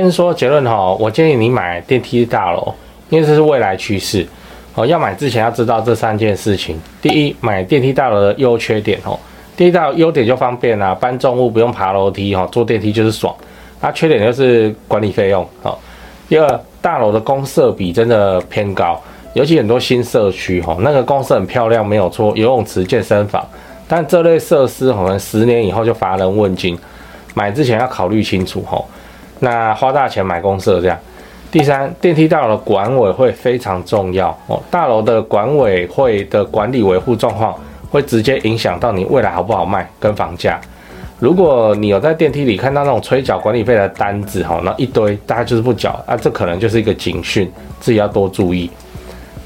先說結論哈，我建議你買電梯大樓，因為這是未來趨勢。哦，要買之前要知道這三件事情。第一，買電梯大樓的優缺點吼，第一大優點就方便啦、啊，搬重物不用爬樓梯哈，坐電梯就是爽。那、啊、缺點就是管理費用哦。第二，大樓的公設比真的偏高，尤其很多新社區哈，那個公設很漂亮，沒有錯，游泳池、健身房，但這類設施好像十年以後就乏人問津。買之前要考慮清楚哦。那花大錢買公設這樣，第三，電梯大樓的管委會非常重要哦，大樓的管委會的管理維護狀況會直接影響到你未來好不好賣跟房價。如果你有在電梯裡看到那種催繳管理費的單子哦，那一堆大家就是不繳啊，這可能就是一個警訊，自己要多注意。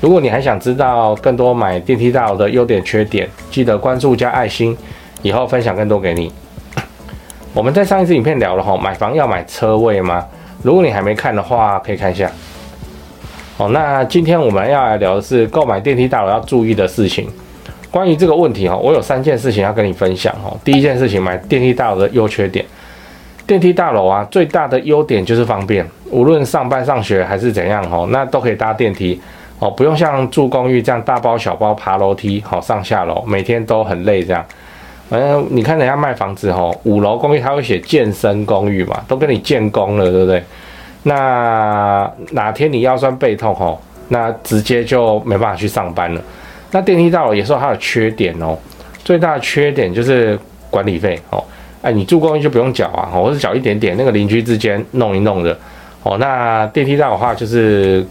如果你還想知道更多買電梯大樓的優點缺點，記得關注加愛心，以後分享更多給你。我們在上一次影片聊了哈，買房要買車位嗎？如果你還沒看的話，可以看一下。哦，那今天我們要來聊的是購買電梯大樓要注意的事情。關於這個問題哈，我有三件事情要跟你分享哈。第一件事情，買電梯大樓的優缺點。電梯大樓啊，最大的優點就是方便，無論上班、上學還是怎樣哦，那都可以搭電梯哦，不用像住公寓這樣大包小包爬樓梯，好、哦、上下樓，每天都很累這樣。反正、嗯、你看人家賣房子吼，五樓公寓他會寫健身公寓嘛，都跟你建功了，對不對？那哪天你腰酸背痛吼，那直接就沒辦法去上班了。那電梯大樓也是有它有缺點哦，最大的缺點就是管理費哦。哎，你住公寓就不用繳啊，或是繳一點點，那個鄰居之間弄一弄的。哦，那電梯大樓的話就是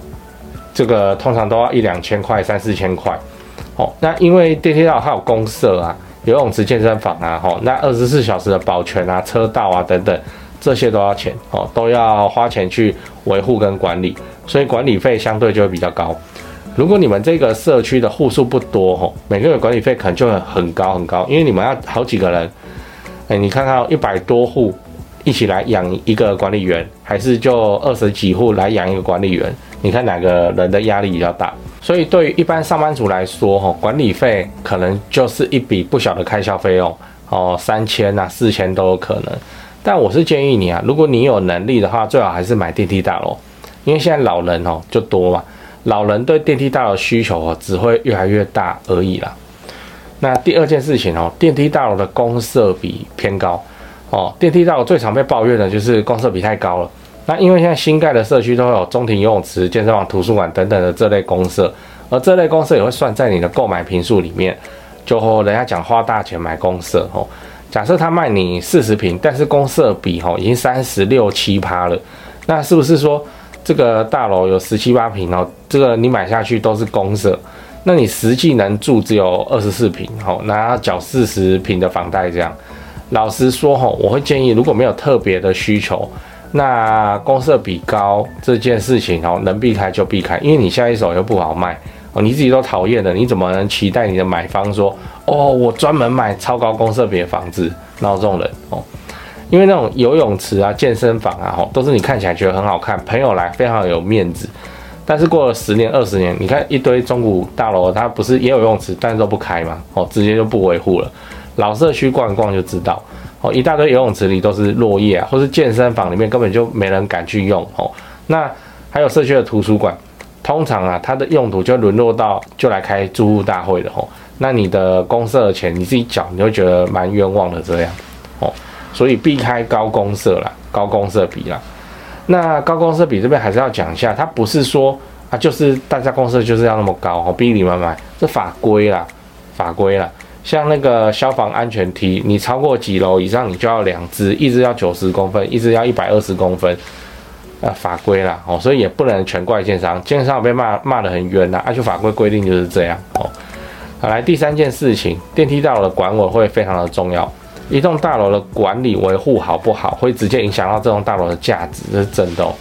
這個通常都要一兩千塊、三四千塊。哦，那因為電梯大樓它有公設啊。游泳池、健身房啊，吼，那二十四小時的保全啊、車道啊等等，這些都要錢哦，都要花錢去維護跟管理，所以管理費相對就會比較高。如果你們這個社區的戶數不多，吼，每個月管理費可能就會很高很高，因為你們要好幾個人。哎、欸，你看到一百多戶一起來養一個管理員，還是就二十幾戶來養一個管理員？你看哪個人的壓力比較大？所以對於一般上班族來說，管理費可能就是一筆不小的開銷費用，哦，三千吶、啊、四千都有可能。但我是建議你啊，如果你有能力的話，最好還是買電梯大樓，因為現在老人哦就多嘛，老人對電梯大樓的需求哦只會越來越大而已啦。那第二件事情哦，電梯大樓的公設比偏高哦，電梯大樓最常被抱怨的就是公設比太高了。那因為現在新蓋的社區都會有中庭游泳池、健身房、圖書館等等的這類公設，而這類公設也會算在你的購買坪數裡面。就人家講花大錢買公設，吼，假設他賣你四十坪，但是公設比吼、哦、已經三十六七趴了，那是不是說這個大樓有十七八坪？哦？這個你買下去都是公設，那你實際能住只有二十四坪哦，那要繳四十坪的房貸這樣。老實說吼、哦，我會建議如果沒有特別的需求。那公設比高這件事情哦，能避開就避開，因為你下一手又不好賣哦，你自己都討厭的，你怎麼能期待你的買方說哦，我專門買超高公設比的房子？那這種人哦，因為那種游泳池啊、健身房啊都是你看起來覺得很好看，朋友來非常有面子，但是過了十年、二十年，你看一堆中古大樓，它不是也有游泳池，但是都不開嘛哦，直接就不維護了，老社區逛一逛就知道。一大堆游泳池裡都是落葉啊，或是健身房裡面根本就沒人敢去用哦。那還有社區的圖書館，通常啊，它的用途就淪落到就來開住戶大會的哦。那你的公設的錢你自己繳，你會覺得蠻冤枉的這樣哦。所以避開高公設啦，高公設比啦。那高公設比這邊還是要講一下，它不是說啊，就是大家公設就是要那麼高哦，逼你們買這法規啦，法規啦。像那個消防安全梯，你超過幾樓以上，你就要兩隻，一隻要九十公分，一隻要一百二十公分，呃、啊，法規啦，哦，所以也不能全怪建商，建商被罵罵得很冤啦、啊。而、啊、且法規規定就是這樣哦。好來，第三件事情，電梯大樓的管委會非常的重要，一棟大樓的管理維護好不好，會直接影響到這棟大樓的價值，這是真的、哦。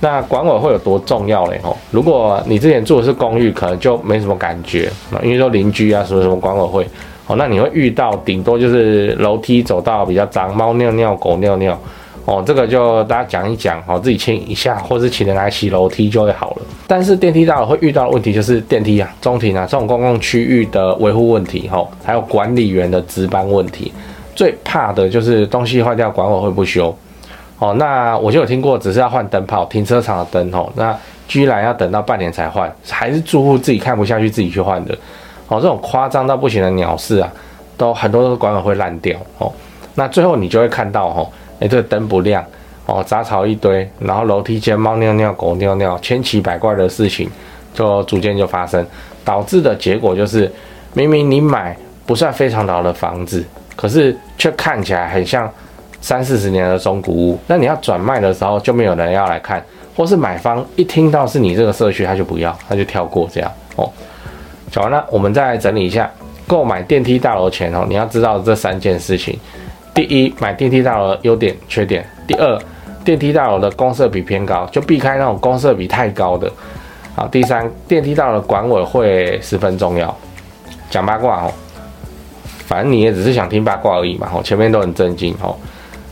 那管委會有多重要嘞？哦，如果你之前住的是公寓，可能就沒什麼感覺，啊、因為說鄰居啊，什麼什麼管委會。哦，那你會遇到頂多就是樓梯走道比較髒，貓尿尿、狗尿尿，哦，這個就大家講一講，好、哦，自己清一下，或是請人來洗樓梯就會好了。但是電梯大樓會遇到的問題就是電梯啊、中庭啊這種公共區域的維護問題，吼、哦，還有管理員的值班問題，最怕的就是東西壞掉，管委會不修。哦，那我就有聽過，只是要換燈泡，停車場的燈吼、哦，那居然要等到半年才換，還是住戶自己看不下去自己去換的。哦，這種誇張到不行的鳥事啊，都很多都是管委會爛掉哦。那最後你就會看到哦，誒、哎，這個燈不亮哦，雜草一堆，然後樓梯間貓尿尿、狗尿尿，千奇百怪的事情就逐漸就發生，導致的結果就是，明明你買不算非常老的房子，可是卻看起來很像三四十年的中古屋。那你要轉賣的時候就沒有人要來看，或是買方一聽到是你這個社區，他就不要，他就跳過這樣哦。講完了，那我們再來整理一下購買電梯大樓前哦、喔，你要知道這三件事情。第一，買電梯大樓的優點缺點。第二，電梯大樓的公設比偏高，就避開那種公設比太高的。好，第三，電梯大樓管委會十分重要。講八卦哦、喔，反正你也只是想聽八卦而已嘛。哦，前面都很震驚哦、喔。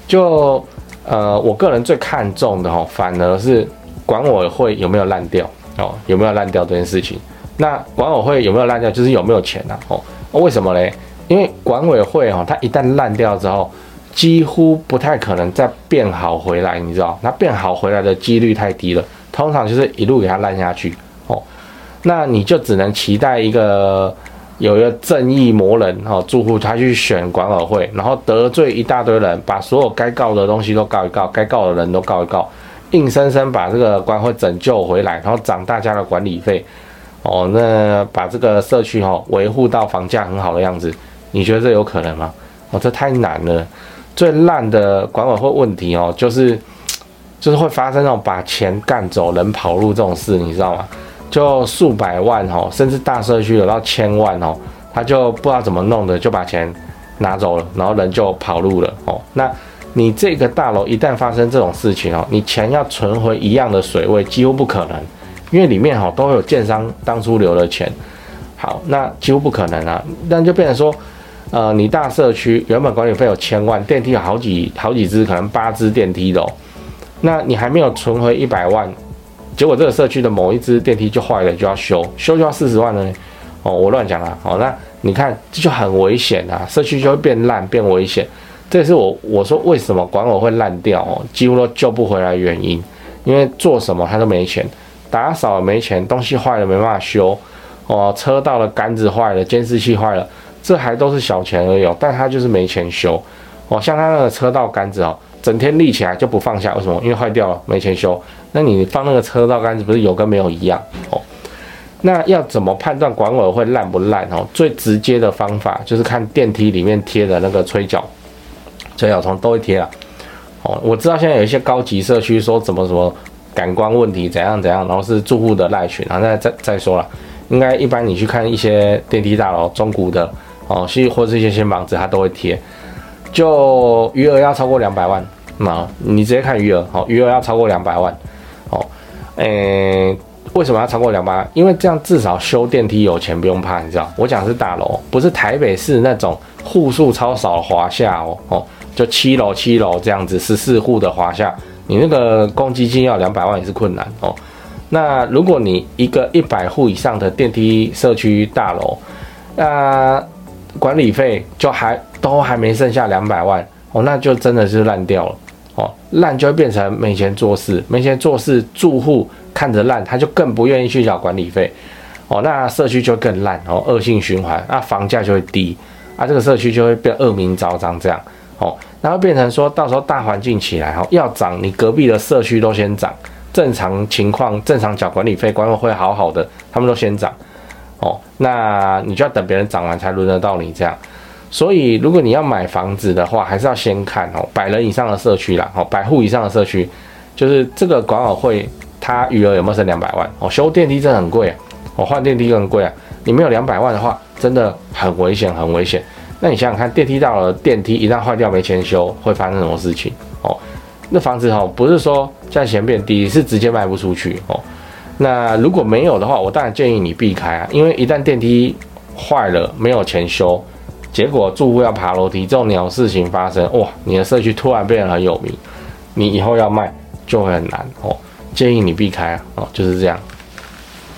就呃，我個人最看重的哦、喔，反而是管委會有沒有爛掉哦、喔，有沒有爛掉這件事情。那管委會有沒有爛掉？就是有沒有錢吶啊？哦，為什麼嘞？因為管委會哈，它一旦爛掉之後，幾乎不太可能再變好回來，你知道？那變好回來的幾率太低了，通常就是一路給它爛下去。哦，那你就只能期待一個有一個正義魔人哈，住戶他去選管委會，然後得罪一大堆人，把所有該告的東西都告一告，該告的人都告一告，硬生生把這個管委會拯救回來，然後漲大家的管理費。哦，那把這個社區哈、哦、維護到房價很好的樣子，你覺得這有可能嗎？哦，這太難了。最爛的管委會問題哦，就是就是會發生那種把錢幹走、人跑路這種事，你知道嗎？就數百萬哦，甚至大社區有到千萬哦，他就不知道怎麼弄的，就把錢拿走了，然後人就跑路了哦。那你這個大樓一旦發生這種事情哦，你錢要存回一樣的水位，幾乎不可能。因為裡面哈都有建商當初留的錢，好，那幾乎不可能啊。那就變成說，呃，你大社區原本管理費有千萬，電梯有好幾好幾只，可能八只電梯哦、喔，那你還沒有存回一百萬，結果這個社區的某一只電梯就壞了，就要修，修就要四十萬呢。哦、喔，我亂講啦。好、喔，那你看這就很危險啊，社區就會變爛變危險。這也是我我說為什麼管委會爛掉、喔，哦，幾乎都救不回來的原因，因為做什麼他都沒錢。打掃沒錢，東西壞了沒辦法修，哦，車道的杆子壞了，監視器壞了，這還都是小錢而已，哦，但他就是沒錢修，哦，像他那個車道杆子哦，整天立起來就不放下，為什麼？因為壞掉了，沒錢修。那你放那個車道杆子不是有跟沒有一樣哦？那要怎麼判斷管委會爛不爛哦？最直接的方法就是看電梯裡面貼的那個催繳，催繳從都會貼啊。哦，我知道現在有一些高級社區說怎麼怎麼。感官問題怎樣怎樣，然後是住戶的賴群，然後再再再說了，應該一般你去看一些電梯大樓、中古的哦，或是一些新房子，它都會貼，就餘額要超過兩百萬嘛，嗯，你直接看餘額，好，餘額要超過兩百萬，好，哦，誒，為什麼要超過兩百萬？因為這樣至少修電梯有錢不用怕，你知道，我講是大樓，不是台北市那種戶數超少華廈哦，哦，就七樓七樓這樣子，十四戶的華廈。你那個公積金要兩百萬也是困難哦，那如果你一個一百戶以上的電梯社區大樓，那管理費就還都還沒剩下兩百萬哦，那就真的是爛掉了哦，爛就會變成沒錢做事，沒錢做事，住戶看着爛，他就更不願意去繳管理費哦，那社區就更爛哦，惡性循環，啊，那房價就會低，啊，這個社區就會變惡名昭彰這樣。哦，那會變成說到時候大環境起來，哦，要漲，你隔壁的社區都先漲。正常情況，正常繳管理費，管委會好好的，他們都先漲。哦，那你就要等別人漲完才輪得到你這樣。所以，如果你要買房子的話，還是要先看哦，百人以上的社區啦，哦，百戶以上的社區，就是這個管委會它餘額有沒有剩兩百萬？哦，修電梯真的很貴啊，哦，換電梯更貴啊。你沒有兩百萬的話，真的很危險，很危險。那你想想看，電梯到了，電梯一旦壞掉沒錢修，會發生什麼事情哦？那房子哈，哦，不是說價錢變低，是直接賣不出去哦。那如果沒有的話，我當然建議你避開啊，因為一旦電梯壞了沒有錢修，結果住戶要爬樓梯這種鳥事情發生，哇，你的社區突然變得很有名，你以後要賣就會很難哦。建議你避開啊，哦，就是這樣。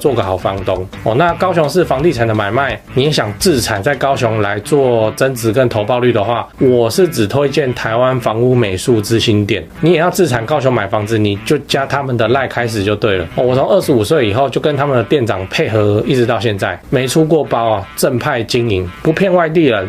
做個好房東哦。那高雄市房地產的買賣，你想置產在高雄來做增值跟投報率的話，我是只推薦台灣房屋美術之星店。你也要置產高雄買房子，你就加他們的賴、like、開始就對了。哦，我從二十五歲以後就跟他們的店長配合，一直到現在沒出過包啊，正派經營，不騙外地人。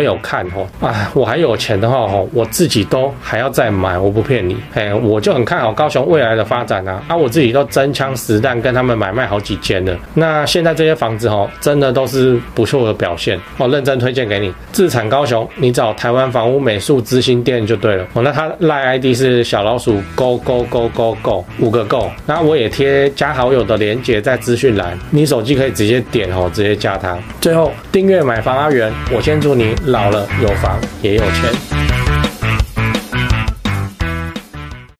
沒有看哦，哎、啊，我還有錢的話吼、哦，我自己都還要再買，我不騙你，嘿、hey, 我就很看好高雄未來的發展啊啊，我自己都真槍實彈跟他們買賣好幾間了。那現在這些房子吼、哦，真的都是不錯的表現，我認真推薦給你。置產高雄，你找台灣房屋美術之星店就對了。哦，那他賴 ID 是小老鼠 go go go go go 五個 go，那我也貼加好友的連結在資訊欄，你手機可以直接點哦，直接加他。最後訂閱買房阿、啊、元，我先祝你。老了有房也有錢。